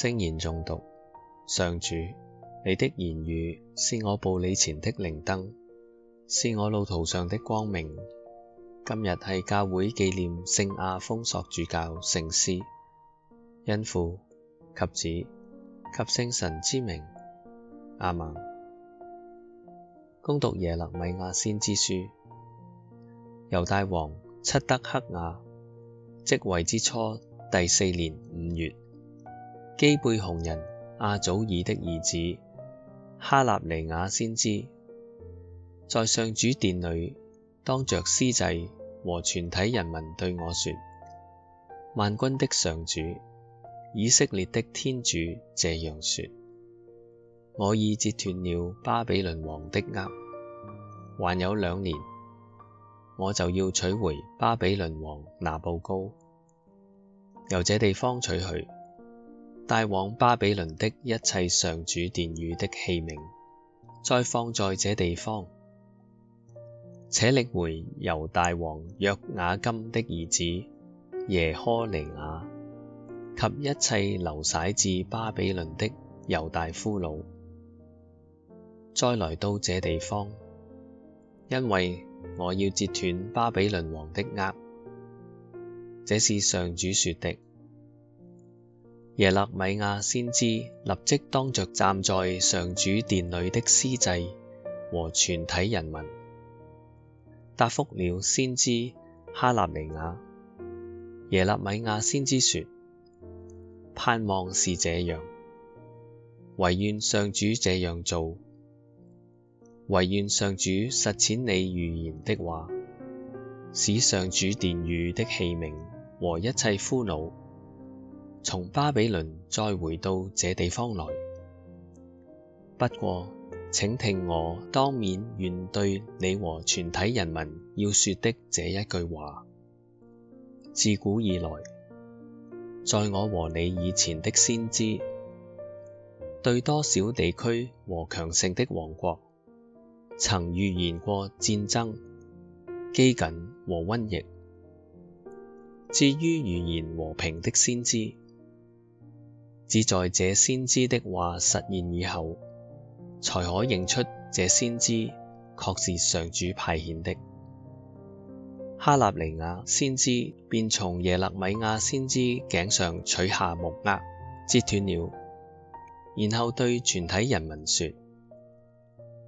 聖言誦讀，上主，你的言語是我步履前的靈燈，是我路途上的光明。今日係教會紀念聖亞豐索主教聖師，恩父，及子及聖神之名，阿孟。恭讀耶肋米亞先知書，猶大王漆德克雅即位之初第四年五月，基貝紅人阿組爾的兒子哈納尼雅先知，在上主殿裏當着司祭和全體人民對我說：萬軍的上主。以色列的天主這樣說：我已折斷了巴比倫王的軛，還有兩年，我就要取回巴比倫王拿步高，由這地方取去，帶往巴比倫的一切上主殿宇的器皿，再放在這地方，且領回猶大王約雅金的兒子耶苛尼雅。及一切流徙至巴比倫的猶大俘虜，再來到這地方，因為我要折斷巴比倫王的軛。這是上主說的。耶肋米亞先知立即當着站在上主殿裏的司祭和全體人民，答覆了先知哈納尼雅。耶肋米亞先知說。盼望是這樣，惟願上主這樣做，惟願上主實踐你預言的話，使上主殿宇的器皿和一切俘虜，從巴比倫再回到這地方來。不過請聽我當面願對你和全體人民要說的這一句話：自古以來。在我和你以前的先知，對多少地區和強盛的王國，曾預言過戰爭、饑饉和瘟疫。至於預言和平的先知，只在這先知的話實現以後，才可認出這先知確是上主派遣的。哈納尼雅先知便從耶肋米亞先知頸上取下木軛，折斷了，然後對全體人民說：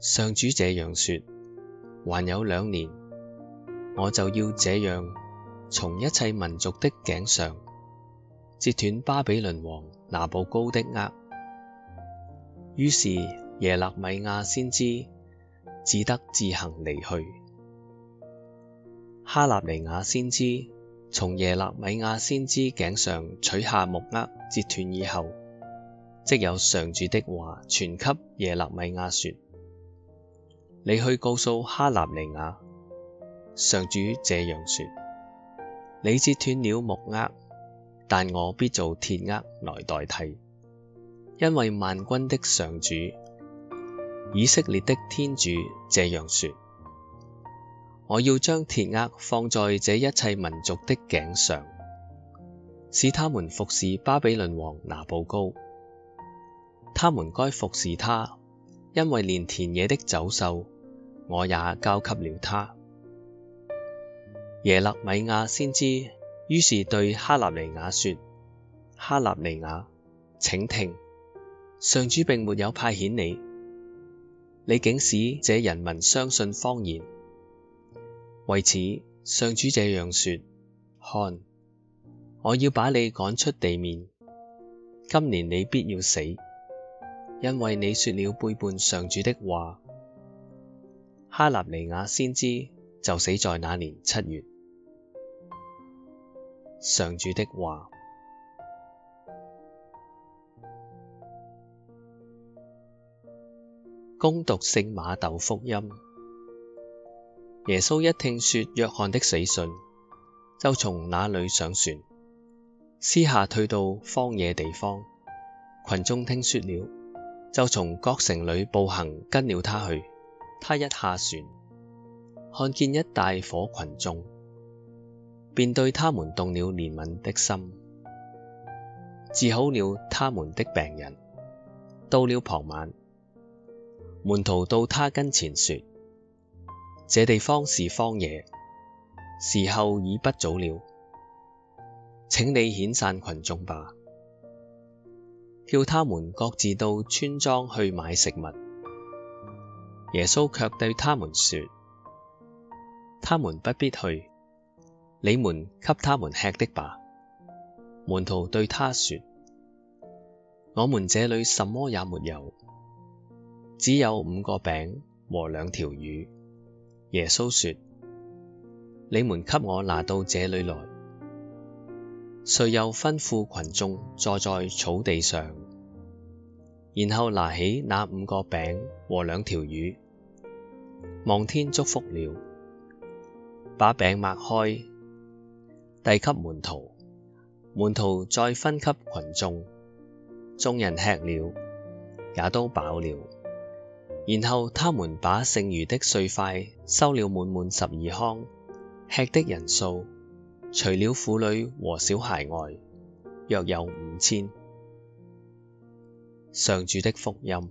上主這樣說，還有兩年，我就要這樣從一切民族的頸上折斷巴比倫王拿步高的軛。於是耶肋米亞先知只得自行離去。哈納尼雅先知從耶肋米亞先知頸上取下木軛折斷以後，即有上主的話傳給耶肋米亞說：你去告訴哈納尼雅，上主這樣說：你折斷了木軛，但我必做鐵軛來代替，因為萬軍的上主，以色列的天主這樣說。我要將鐵軛放在這一切民族的頸上，使他們服侍巴比倫王拿步高。他們該服侍他，因為連田野的走獸我也交給了他。耶肋米亞先知於是對哈納尼雅說：哈納尼雅，請聽，上主並沒有派遣你，你竟使這人民相信謊言。為此，上主這樣説：看，我要把你趕出地面。今年你必要死，因為你説了背叛上主的話。哈納尼雅先知就死在那年七月。上主的話。恭讀聖瑪竇福音。耶穌一聽說若翰的死訊，就從那裏上船，私下退到荒野地方。群眾聽說了，就從各城裏步行跟了他去。他一下船，看見一大夥群眾，便對他們動了憐憫的心，治好了他們的病人。到了傍晚，門徒到他跟前說。這地方是荒野，時候已不早了。請你遣散群眾吧，叫他們各自到村莊去買食物。耶穌卻對他們說：他們不必去，你們給他們吃的吧。門徒對他說：我們這裡什麼也沒有，只有五個餅和兩條魚。耶穌說：你們給我拿到這裡來。遂又吩咐群眾坐在草地上，然後拿起那五個餅和兩條魚，望天祝福了，把餅擘開，遞給門徒，門徒再分給群眾。眾人吃了，也都飽了。然後他們把剩餘的碎塊收了滿滿十二筐。吃的人數，除了婦女和小孩外，約有五千。上主的福音。